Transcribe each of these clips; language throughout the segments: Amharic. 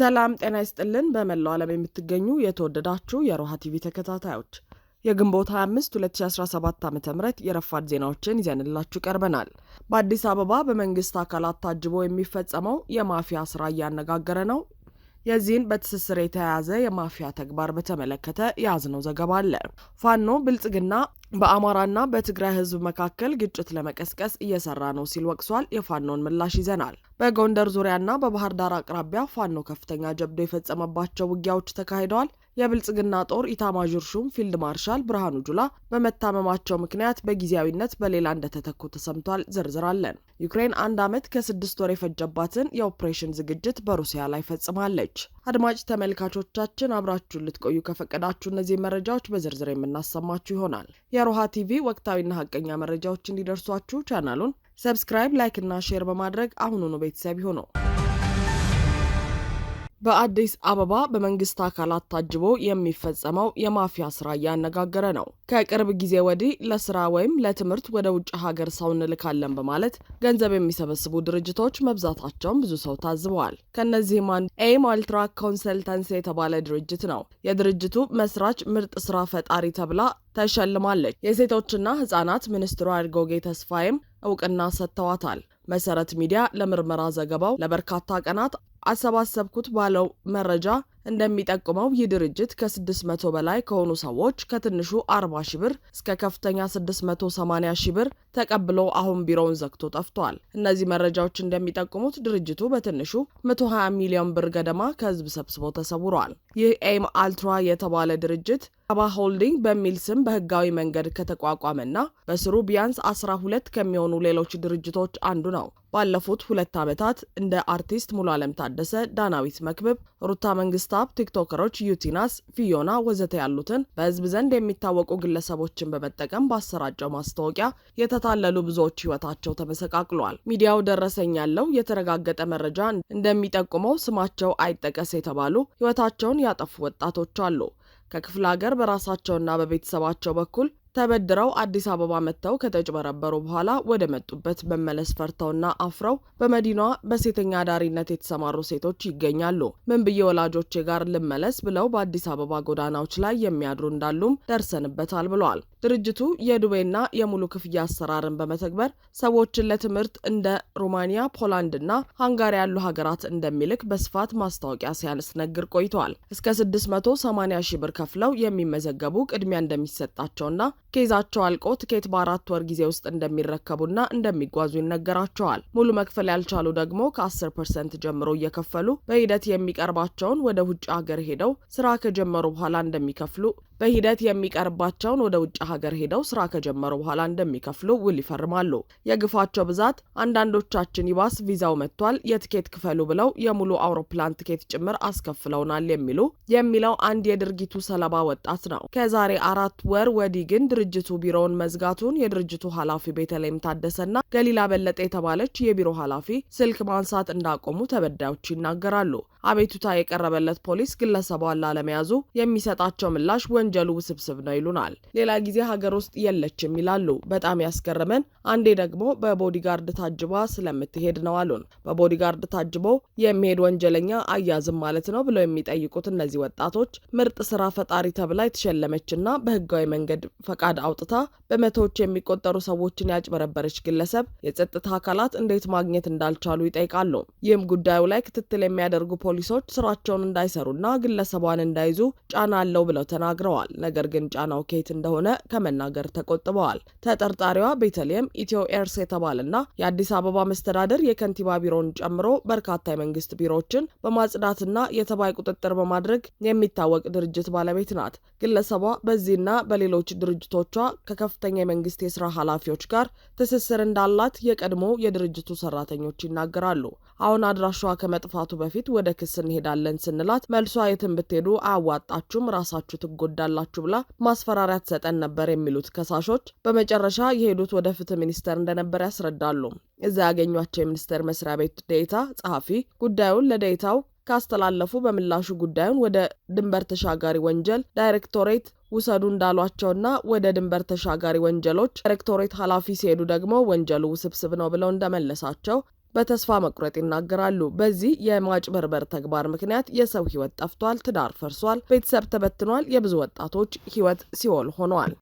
ሰላም ጤና ይስጥልን። በመላው ዓለም የምትገኙ የተወደዳችሁ የሮሃ ቲቪ ተከታታዮች የግንቦት 25 2017 ዓ ም የረፋድ ዜናዎችን ይዘንላችሁ ቀርበናል። በአዲስ አበባ በመንግስት አካላት ታጅቦ የሚፈጸመው የማፊያ ስራ እያነጋገረ ነው። የዚህን በትስስር የተያያዘ የማፊያ ተግባር በተመለከተ የያዝነው ዘገባ አለ። ፋኖ ብልጽግና በአማራና በትግራይ ሕዝብ መካከል ግጭት ለመቀስቀስ እየሰራ ነው ሲል ወቅሷል። የፋኖን ምላሽ ይዘናል። በጎንደር ዙሪያና በባህር ዳር አቅራቢያ ፋኖ ከፍተኛ ጀብዶ የፈጸመባቸው ውጊያዎች ተካሂደዋል። የብልጽግና ጦር ኢታማዦር ሹም ፊልድ ማርሻል ብርሃኑ ጁላ በመታመማቸው ምክንያት በጊዜያዊነት በሌላ እንደተተኩ ተሰምቷል። ዝርዝራለን። ዩክሬን አንድ ዓመት ከስድስት ወር የፈጀባትን የኦፕሬሽን ዝግጅት በሩሲያ ላይ ፈጽማለች። አድማጭ ተመልካቾቻችን አብራችሁን ልትቆዩ ከፈቀዳችሁ እነዚህ መረጃዎች በዝርዝር የምናሰማችሁ ይሆናል። የሮሃ ቲቪ ወቅታዊና ሀቀኛ መረጃዎች እንዲደርሷችሁ ቻናሉን ሰብስክራይብ፣ ላይክ እና ሼር በማድረግ አሁኑኑ ቤተሰብ ይሁኑ። በአዲስ አበባ በመንግስት አካላት ታጅቦ የሚፈጸመው የማፊያ ስራ እያነጋገረ ነው። ከቅርብ ጊዜ ወዲህ ለስራ ወይም ለትምህርት ወደ ውጭ ሀገር ሰው እንልካለን በማለት ገንዘብ የሚሰበስቡ ድርጅቶች መብዛታቸውን ብዙ ሰው ታዝበዋል። ከእነዚህም አንዱ ኤም አልትራ ኮንሰልተንስ የተባለ ድርጅት ነው። የድርጅቱ መስራች ምርጥ ስራ ፈጣሪ ተብላ ተሸልማለች። የሴቶችና ህጻናት ሚኒስትሯ አድጎጌ ተስፋዬም እውቅና ሰጥተዋታል። መሰረት ሚዲያ ለምርመራ ዘገባው ለበርካታ ቀናት አሰባሰብኩት ባለው መረጃ እንደሚጠቁመው ይህ ድርጅት ከ600 በላይ ከሆኑ ሰዎች ከትንሹ 40 ሺ ብር እስከ ከፍተኛ 680 ሺ ብር ተቀብሎ አሁን ቢሮውን ዘግቶ ጠፍቷል። እነዚህ መረጃዎች እንደሚጠቁሙት ድርጅቱ በትንሹ 120 ሚሊዮን ብር ገደማ ከህዝብ ሰብስቦ ተሰውሯል። ይህ ኤም አልትራ የተባለ ድርጅት አባ ሆልዲንግ በሚል ስም በህጋዊ መንገድ ከተቋቋመና በስሩ ቢያንስ 12 ከሚሆኑ ሌሎች ድርጅቶች አንዱ ነው። ባለፉት ሁለት ዓመታት እንደ አርቲስት ሙሉ ዓለም ታደሰ፣ ዳናዊት መክብብ፣ ሩታ መንግስታብ፣ ቲክቶከሮች ዩቲናስ፣ ፊዮና ወዘተ ያሉትን በህዝብ ዘንድ የሚታወቁ ግለሰቦችን በመጠቀም ባሰራጨው ማስታወቂያ የተታለሉ ብዙዎች ህይወታቸው ተመሰቃቅሏል። ሚዲያው ደረሰኝ ያለው የተረጋገጠ መረጃ እንደሚጠቁመው ስማቸው አይጠቀስ የተባሉ ህይወታቸውን ያጠፉ ወጣቶች አሉ። ከክፍለ ሀገር በራሳቸውና በቤተሰባቸው በኩል ተበድረው አዲስ አበባ መጥተው ከተጭበረበሩ በኋላ ወደ መጡበት መመለስ ፈርተውና አፍረው በመዲናዋ በሴተኛ አዳሪነት የተሰማሩ ሴቶች ይገኛሉ። ምን ብዬ ወላጆቼ ጋር ልመለስ ብለው በአዲስ አበባ ጎዳናዎች ላይ የሚያድሩ እንዳሉም ደርሰንበታል ብለዋል። ድርጅቱ የዱቤና የሙሉ ክፍያ አሰራርን በመተግበር ሰዎችን ለትምህርት እንደ ሩማኒያ፣ እና ሃንጋሪ ያሉ ሀገራት እንደሚልክ በስፋት ማስታወቂያ ሲያስነግር ቆይተዋል። እስከ 680 ሺህ ብር ከፍለው የሚመዘገቡ ቅድሚያ እንደሚሰጣቸውና ኬዛቸው አልቆ ትኬት በአራት ወር ጊዜ ውስጥ እንደሚረከቡና እንደሚጓዙ ይነገራቸዋል። ሙሉ መክፈል ያልቻሉ ደግሞ ከ10 ፐርሰንት ጀምሮ እየከፈሉ በሂደት የሚቀርባቸውን ወደ ውጭ ሀገር ሄደው ስራ ከጀመሩ በኋላ እንደሚከፍሉ በሂደት የሚቀርባቸውን ወደ ውጭ ሀገር ሄደው ስራ ከጀመሩ በኋላ እንደሚከፍሉ ውል ይፈርማሉ። የግፋቸው ብዛት አንዳንዶቻችን ይባስ ቪዛው መጥቷል የትኬት ክፈሉ ብለው የሙሉ አውሮፕላን ትኬት ጭምር አስከፍለውናል የሚሉ የሚለው አንድ የድርጊቱ ሰለባ ወጣት ነው። ከዛሬ አራት ወር ወዲህ ግን ድርጅቱ ቢሮውን መዝጋቱን የድርጅቱ ኃላፊ ቤተልሔም ታደሰና ገሊላ በለጠ የተባለች የቢሮ ኃላፊ ስልክ ማንሳት እንዳቆሙ ተበዳዮች ይናገራሉ። አቤቱታ የቀረበለት ፖሊስ ግለሰቧን ላለመያዙ የሚሰጣቸው ምላሽ ወንጀሉ ውስብስብ ነው ይሉናል። ሌላ ጊዜ ሀገር ውስጥ የለችም ይላሉ። በጣም ያስገረመን አንዴ ደግሞ በቦዲጋርድ ታጅባ ስለምትሄድ ነው አሉን። በቦዲጋርድ ታጅቦ የሚሄድ ወንጀለኛ አያዝም ማለት ነው ብለው የሚጠይቁት እነዚህ ወጣቶች ምርጥ ስራ ፈጣሪ ተብላ የተሸለመችና በህጋዊ መንገድ ፈቃድ አውጥታ በመቶዎች የሚቆጠሩ ሰዎችን ያጭበረበረች ግለሰብ የጸጥታ አካላት እንዴት ማግኘት እንዳልቻሉ ይጠይቃሉ። ይህም ጉዳዩ ላይ ክትትል የሚያደርጉ ፖሊሶች ስራቸውን እንዳይሰሩና ግለሰቧን እንዳይዙ ጫና አለው ብለው ተናግረዋል። ነገር ግን ጫናው ኬት እንደሆነ ከመናገር ተቆጥበዋል። ተጠርጣሪዋ ቤተልሔም ኢትዮ ኤርስ የተባለና የአዲስ አበባ መስተዳደር የከንቲባ ቢሮን ጨምሮ በርካታ የመንግስት ቢሮዎችን በማጽዳትና የተባይ ቁጥጥር በማድረግ የሚታወቅ ድርጅት ባለቤት ናት። ግለሰቧ በዚህና በሌሎች ድርጅቶቿ ከከፍተኛ የመንግስት የስራ ኃላፊዎች ጋር ትስስር እንዳላት የቀድሞ የድርጅቱ ሰራተኞች ይናገራሉ። አሁን አድራሿ ከመጥፋቱ በፊት ወደ ክስ እንሄዳለን ስንላት መልሷ የትን ብትሄዱ አያዋጣችሁም፣ ራሳችሁ ትጎዳላችሁ ብላ ማስፈራሪያ ትሰጠን ነበር የሚሉት ከሳሾች በመጨረሻ የሄዱት ወደ ፍትህ ሚኒስቴር እንደነበር ያስረዳሉ። እዛ ያገኟቸው የሚኒስቴር መስሪያ ቤት ዴታ ጸሐፊ ጉዳዩን ለዴታው ካስተላለፉ በምላሹ ጉዳዩን ወደ ድንበር ተሻጋሪ ወንጀል ዳይሬክቶሬት ውሰዱ እንዳሏቸውና ወደ ድንበር ተሻጋሪ ወንጀሎች ዳይሬክቶሬት ኃላፊ ሲሄዱ ደግሞ ወንጀሉ ውስብስብ ነው ብለው እንደመለሳቸው በተስፋ መቁረጥ ይናገራሉ። በዚህ የማጭበርበር ተግባር ምክንያት የሰው ህይወት ጠፍቷል፣ ትዳር ፈርሷል፣ ቤተሰብ ተበትኗል፣ የብዙ ወጣቶች ህይወት ሲኦል ሆኗል።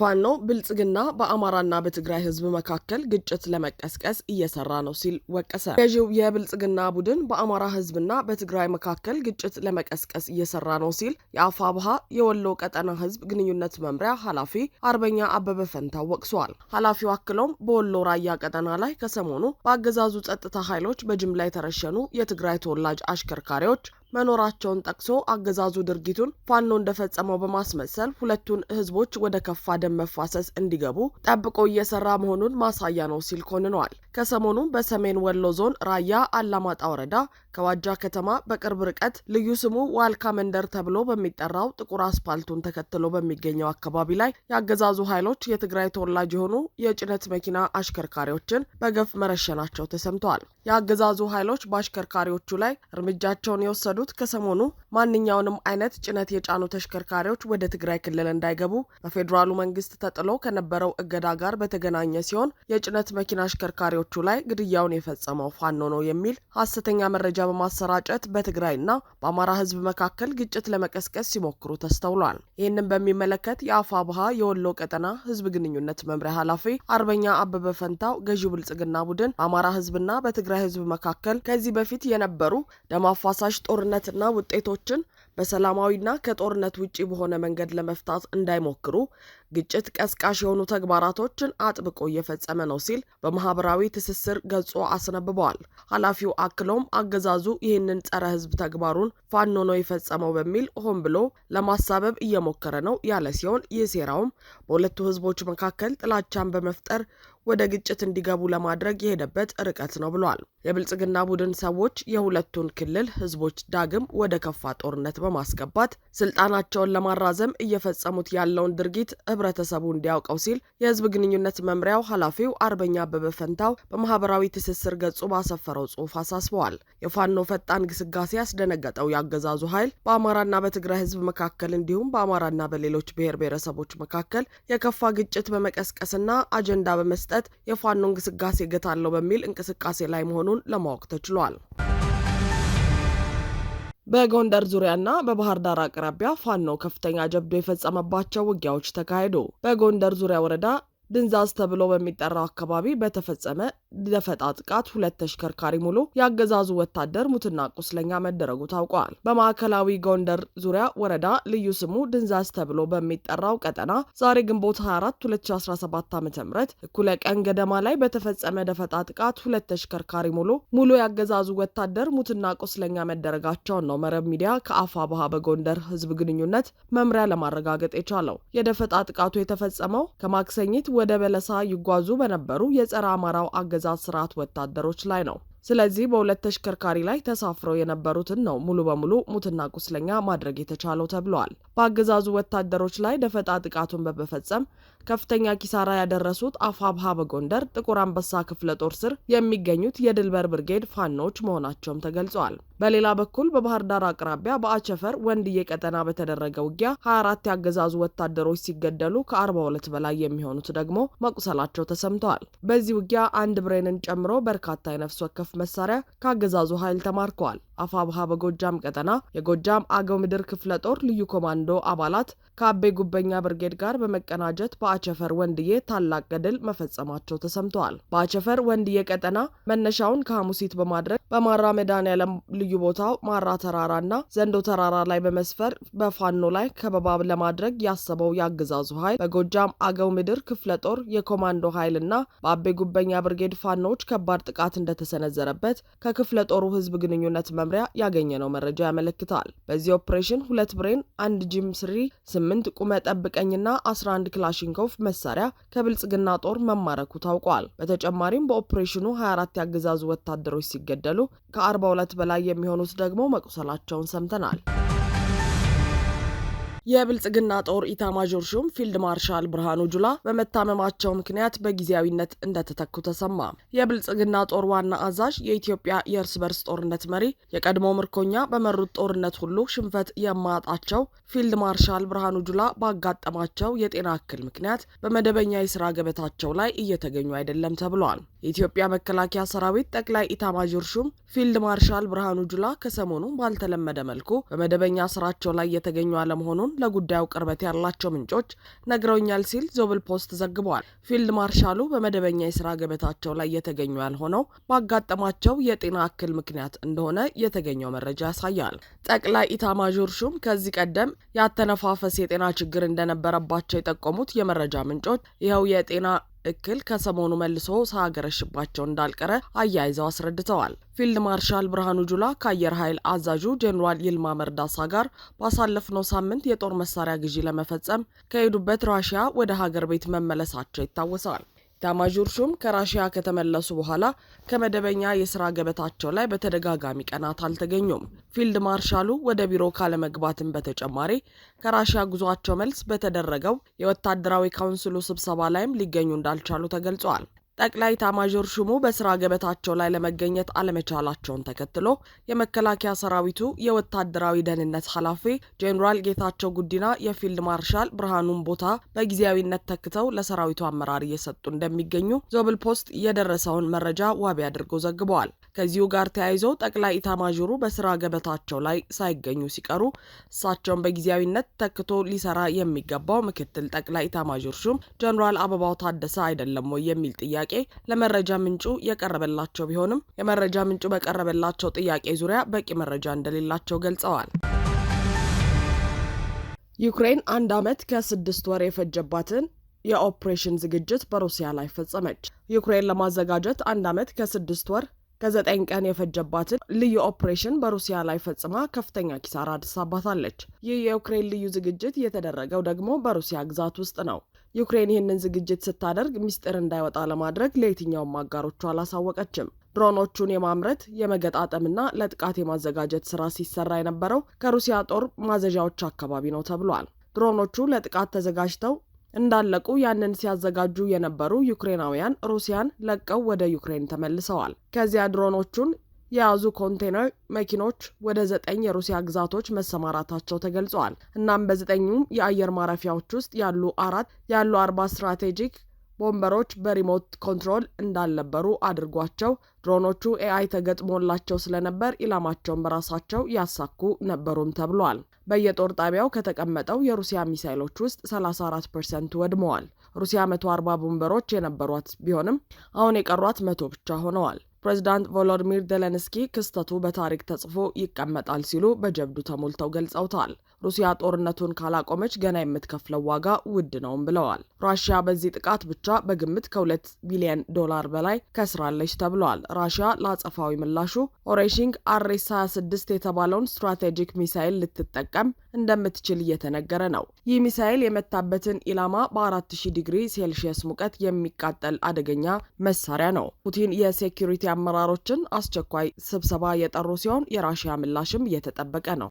ፋኖ ብልጽግና በአማራና በትግራይ ህዝብ መካከል ግጭት ለመቀስቀስ እየሰራ ነው ሲል ወቀሰ። ገዢው የብልጽግና ቡድን በአማራ ህዝብና በትግራይ መካከል ግጭት ለመቀስቀስ እየሰራ ነው ሲል የአፋ ብሃ የወሎ ቀጠና ህዝብ ግንኙነት መምሪያ ኃላፊ አርበኛ አበበ ፈንታ ወቅሰዋል። ኃላፊው አክለውም በወሎ ራያ ቀጠና ላይ ከሰሞኑ በአገዛዙ ጸጥታ ኃይሎች በጅምላ የተረሸኑ የትግራይ ተወላጅ አሽከርካሪዎች መኖራቸውን ጠቅሶ አገዛዙ ድርጊቱን ፋኖ እንደፈጸመው በማስመሰል ሁለቱን ህዝቦች ወደ ከፋ ደም መፋሰስ እንዲገቡ ጠብቆ እየሰራ መሆኑን ማሳያ ነው ሲል ኮንኗል ከሰሞኑ በሰሜን ወሎ ዞን ራያ አላማጣ ወረዳ ከዋጃ ከተማ በቅርብ ርቀት ልዩ ስሙ ዋልካ መንደር ተብሎ በሚጠራው ጥቁር አስፓልቱን ተከትሎ በሚገኘው አካባቢ ላይ የአገዛዙ ኃይሎች የትግራይ ተወላጅ የሆኑ የጭነት መኪና አሽከርካሪዎችን በገፍ መረሸናቸው ተሰምተዋል። የአገዛዙ ኃይሎች በአሽከርካሪዎቹ ላይ እርምጃቸውን የወሰዱት ከሰሞኑ ማንኛውንም አይነት ጭነት የጫኑ ተሽከርካሪዎች ወደ ትግራይ ክልል እንዳይገቡ በፌዴራሉ መንግስት ተጥሎ ከነበረው እገዳ ጋር በተገናኘ ሲሆን የጭነት መኪና አሽከርካሪዎቹ ላይ ግድያውን የፈጸመው ፋኖ ነው የሚል ሐሰተኛ መረጃ በማሰራጨት በትግራይና በአማራ ህዝብ መካከል ግጭት ለመቀስቀስ ሲሞክሩ ተስተውሏል። ይህንን በሚመለከት የአፋ ባሃ የወሎ ቀጠና ህዝብ ግንኙነት መምሪያ ኃላፊ አርበኛ አበበ ፈንታው ገዢው ብልጽግና ቡድን በአማራ ህዝብና በትግራይ ህዝብ መካከል ከዚህ በፊት የነበሩ ደም አፋሳሽ ጦርነትና ውጤቶች ጉዳዮችን በሰላማዊና ከጦርነት ውጪ በሆነ መንገድ ለመፍታት እንዳይሞክሩ ግጭት ቀስቃሽ የሆኑ ተግባራቶችን አጥብቆ እየፈጸመ ነው ሲል በማህበራዊ ትስስር ገጾ አስነብበዋል። ኃላፊው አክለውም አገዛዙ ይህንን ጸረ ህዝብ ተግባሩን ፋኖ ነው የፈጸመው በሚል ሆን ብሎ ለማሳበብ እየሞከረ ነው ያለ ሲሆን ይህ ሴራውም በሁለቱ ህዝቦች መካከል ጥላቻን በመፍጠር ወደ ግጭት እንዲገቡ ለማድረግ የሄደበት ርቀት ነው ብሏል። የብልጽግና ቡድን ሰዎች የሁለቱን ክልል ህዝቦች ዳግም ወደ ከፋ ጦርነት በማስገባት ስልጣናቸውን ለማራዘም እየፈጸሙት ያለውን ድርጊት ህብረተሰቡ እንዲያውቀው ሲል የህዝብ ግንኙነት መምሪያው ኃላፊው አርበኛ አበበ ፈንታው በማህበራዊ ትስስር ገጹ ባሰፈረው ጽሑፍ አሳስበዋል። የፋኖ ፈጣን ግስጋሴ ያስደነገጠው የአገዛዙ ኃይል በአማራና በትግራይ ህዝብ መካከል እንዲሁም በአማራና በሌሎች ብሔር ብሔረሰቦች መካከል የከፋ ግጭት በመቀስቀስና አጀንዳ በመስጠት የፋኖ እንቅስቃሴ ገታለው በሚል እንቅስቃሴ ላይ መሆኑን ለማወቅ ተችሏል። በጎንደር ዙሪያና በባህር ዳር አቅራቢያ ፋኖ ከፍተኛ ጀብዶ የፈጸመባቸው ውጊያዎች ተካሄዱ። በጎንደር ዙሪያ ወረዳ ድንዛዝ ተብሎ በሚጠራው አካባቢ በተፈጸመ ደፈጣ ጥቃት ሁለት ተሽከርካሪ ሙሉ የአገዛዙ ወታደር ሙትና ቁስለኛ መደረጉ ታውቋል። በማዕከላዊ ጎንደር ዙሪያ ወረዳ ልዩ ስሙ ድንዛዝ ተብሎ በሚጠራው ቀጠና ዛሬ ግንቦት 24 2017 ዓ ም እኩለ ቀን ገደማ ላይ በተፈጸመ ደፈጣ ጥቃት ሁለት ተሽከርካሪ ሙሉ ሙሉ የአገዛዙ ወታደር ሙትና ቁስለኛ መደረጋቸውን ነው መረብ ሚዲያ ከአፋ ባሀ በጎንደር ህዝብ ግንኙነት መምሪያ ለማረጋገጥ የቻለው። የደፈጣ ጥቃቱ የተፈጸመው ከማክሰኝት ወደ በለሳ ይጓዙ በነበሩ የጸረ አማራው አገዛዝ ስርዓት ወታደሮች ላይ ነው። ስለዚህ በሁለት ተሽከርካሪ ላይ ተሳፍረው የነበሩትን ነው ሙሉ በሙሉ ሙትና ቁስለኛ ማድረግ የተቻለው ተብለዋል። በአገዛዙ ወታደሮች ላይ ደፈጣ ጥቃቱን በመፈጸም ከፍተኛ ኪሳራ ያደረሱት አፋብሃ በጎንደር ጥቁር አንበሳ ክፍለ ጦር ስር የሚገኙት የድልበር ብርጌድ ፋኖች መሆናቸውም ተገልጿል። በሌላ በኩል በባህር ዳር አቅራቢያ በአቸፈር ወንድዬ ቀጠና በተደረገ ውጊያ 24 ያገዛዙ ወታደሮች ሲገደሉ ከ42 በላይ የሚሆኑት ደግሞ መቁሰላቸው ተሰምተዋል። በዚህ ውጊያ አንድ ብሬንን ጨምሮ በርካታ የነፍስ ወከፍ መሳሪያ ከአገዛዙ ኃይል ተማርከዋል። አፋብሃ በጎጃም ቀጠና የጎጃም አገው ምድር ክፍለ ጦር ልዩ ኮማንዶ አባላት ከአቤ ጉበኛ ብርጌድ ጋር በመቀናጀት በአቸፈር ወንድዬ ታላቅ ገድል መፈጸማቸው ተሰምተዋል። በአቸፈር ወንድዬ ቀጠና መነሻውን ከሐሙሲት በማድረግ በማራ መድኃኔዓለም ልዩ ቦታው ማራ ተራራና ዘንዶ ተራራ ላይ በመስፈር በፋኖ ላይ ከበባ ለማድረግ ያሰበው የአገዛዙ ኃይል በጎጃም አገው ምድር ክፍለ ጦር የኮማንዶ ኃይልና በአቤ ጉበኛ ብርጌድ ፋኖዎች ከባድ ጥቃት እንደተሰነዘረበት ከክፍለ ጦሩ ህዝብ ግንኙነት መ መምሪያ ያገኘነው መረጃ ያመለክታል። በዚህ ኦፕሬሽን ሁለት ብሬን፣ አንድ ጂም ስሪ፣ ስምንት ቁመ ጠብቀኝና 11 ክላሽንኮቭ መሳሪያ ከብልጽግና ጦር መማረኩ ታውቋል። በተጨማሪም በኦፕሬሽኑ 24 ያገዛዙ ወታደሮች ሲገደሉ ከ42 በላይ የሚሆኑት ደግሞ መቁሰላቸውን ሰምተናል። የብልጽግና ጦር ኢታማዦር ሹም ፊልድ ማርሻል ብርሃኑ ጁላ በመታመማቸው ምክንያት በጊዜያዊነት እንደተተኩ ተሰማ። የብልጽግና ጦር ዋና አዛዥ የኢትዮጵያ የእርስ በርስ ጦርነት መሪ፣ የቀድሞ ምርኮኛ በመሩት ጦርነት ሁሉ ሽንፈት የማጣቸው ፊልድ ማርሻል ብርሃኑ ጁላ ባጋጠማቸው የጤና እክል ምክንያት በመደበኛ የስራ ገበታቸው ላይ እየተገኙ አይደለም ተብሏል። የኢትዮጵያ መከላከያ ሰራዊት ጠቅላይ ኢታማዦር ሹም ፊልድ ማርሻል ብርሃኑ ጁላ ከሰሞኑ ባልተለመደ መልኩ በመደበኛ ስራቸው ላይ የተገኙ አለመሆኑን ለጉዳዩ ቅርበት ያላቸው ምንጮች ነግረውኛል ሲል ዞብል ፖስት ዘግቧል። ፊልድ ማርሻሉ በመደበኛ የስራ ገበታቸው ላይ የተገኙ ያልሆነው ባጋጠማቸው የጤና እክል ምክንያት እንደሆነ የተገኘው መረጃ ያሳያል። ጠቅላይ ኢታማዦር ሹም ከዚህ ቀደም ያተነፋፈስ የጤና ችግር እንደነበረባቸው የጠቆሙት የመረጃ ምንጮች ይኸው የጤና እክል ከሰሞኑ መልሶ ሳገረሽባቸው እንዳልቀረ አያይዘው አስረድተዋል። ፊልድ ማርሻል ብርሃኑ ጁላ ከአየር ኃይል አዛዡ ጄኔራል ይልማ መርዳሳ ጋር ባሳለፍነው ሳምንት የጦር መሳሪያ ግዢ ለመፈጸም ከሄዱበት ራሽያ ወደ ሀገር ቤት መመለሳቸው ይታወሳል። ኤታማዦር ሹም ከራሽያ ከተመለሱ በኋላ ከመደበኛ የስራ ገበታቸው ላይ በተደጋጋሚ ቀናት አልተገኙም። ፊልድ ማርሻሉ ወደ ቢሮ ካለመግባትም በተጨማሪ ከራሽያ ጉዟቸው መልስ በተደረገው የወታደራዊ ካውንስሉ ስብሰባ ላይም ሊገኙ እንዳልቻሉ ተገልጿል። ጠቅላይ ታማዦር ሹሙ በስራ ገበታቸው ላይ ለመገኘት አለመቻላቸውን ተከትሎ የመከላከያ ሰራዊቱ የወታደራዊ ደህንነት ኃላፊ ጄኔራል ጌታቸው ጉዲና የፊልድ ማርሻል ብርሃኑን ቦታ በጊዜያዊነት ተክተው ለሰራዊቱ አመራር እየሰጡ እንደሚገኙ ዞብል ፖስት የደረሰውን መረጃ ዋቢ አድርጎ ዘግበዋል። ከዚሁ ጋር ተያይዘው ጠቅላይ ኢታማዦሩ በስራ ገበታቸው ላይ ሳይገኙ ሲቀሩ እሳቸውን በጊዜያዊነት ተክቶ ሊሰራ የሚገባው ምክትል ጠቅላይ ኢታማዦር ሹም ጀኔራል አበባው ታደሰ አይደለም ወይ የሚል ጥያቄ ጥያቄ ለመረጃ ምንጩ የቀረበላቸው ቢሆንም የመረጃ ምንጩ በቀረበላቸው ጥያቄ ዙሪያ በቂ መረጃ እንደሌላቸው ገልጸዋል። ዩክሬን አንድ ዓመት ከስድስት ወር የፈጀባትን የኦፕሬሽን ዝግጅት በሩሲያ ላይ ፈጸመች። ዩክሬን ለማዘጋጀት አንድ ዓመት ከስድስት ወር ከዘጠኝ ቀን የፈጀባትን ልዩ ኦፕሬሽን በሩሲያ ላይ ፈጽማ ከፍተኛ ኪሳራ አድርሳባታለች። ይህ የዩክሬን ልዩ ዝግጅት የተደረገው ደግሞ በሩሲያ ግዛት ውስጥ ነው። ዩክሬን ይህንን ዝግጅት ስታደርግ ሚስጥር እንዳይወጣ ለማድረግ ለየትኛውም አጋሮቹ አላሳወቀችም። ድሮኖቹን የማምረት የመገጣጠምና ለጥቃት የማዘጋጀት ስራ ሲሰራ የነበረው ከሩሲያ ጦር ማዘዣዎች አካባቢ ነው ተብሏል። ድሮኖቹ ለጥቃት ተዘጋጅተው እንዳለቁ ያንን ሲያዘጋጁ የነበሩ ዩክሬናውያን ሩሲያን ለቀው ወደ ዩክሬን ተመልሰዋል። ከዚያ ድሮኖቹን የያዙ ኮንቴነር መኪኖች ወደ ዘጠኝ የሩሲያ ግዛቶች መሰማራታቸው ተገልጸዋል። እናም በዘጠኙም የአየር ማረፊያዎች ውስጥ ያሉ አራት ያሉ አርባ ስትራቴጂክ ቦምበሮች በሪሞት ኮንትሮል እንዳልነበሩ አድርጓቸው ድሮኖቹ ኤአይ ተገጥሞላቸው ስለነበር ኢላማቸውን በራሳቸው ያሳኩ ነበሩም ተብሏል። በየጦር ጣቢያው ከተቀመጠው የሩሲያ ሚሳይሎች ውስጥ 34 ፐርሰንት ወድመዋል። ሩሲያ 140 ቦምበሮች የነበሯት ቢሆንም አሁን የቀሯት መቶ ብቻ ሆነዋል። ፕሬዚዳንት ቮሎዲሚር ዘለንስኪ ክስተቱ በታሪክ ተጽፎ ይቀመጣል ሲሉ በጀብዱ ተሞልተው ገልጸውታል። ሩሲያ ጦርነቱን ካላቆመች ገና የምትከፍለው ዋጋ ውድ ነውም ብለዋል። ራሽያ በዚህ ጥቃት ብቻ በግምት ከሁለት ቢሊዮን ዶላር በላይ ከስራለች ተብለዋል። ራሽያ ለአጸፋዊ ምላሹ ኦሬሽንግ አሬስ 26 የተባለውን ስትራቴጂክ ሚሳይል ልትጠቀም እንደምትችል እየተነገረ ነው። ይህ ሚሳይል የመታበትን ኢላማ በ4000 ዲግሪ ሴልሺየስ ሙቀት የሚቃጠል አደገኛ መሳሪያ ነው። ፑቲን የሴኪሪቲ አመራሮችን አስቸኳይ ስብሰባ የጠሩ ሲሆን የራሽያ ምላሽም እየተጠበቀ ነው።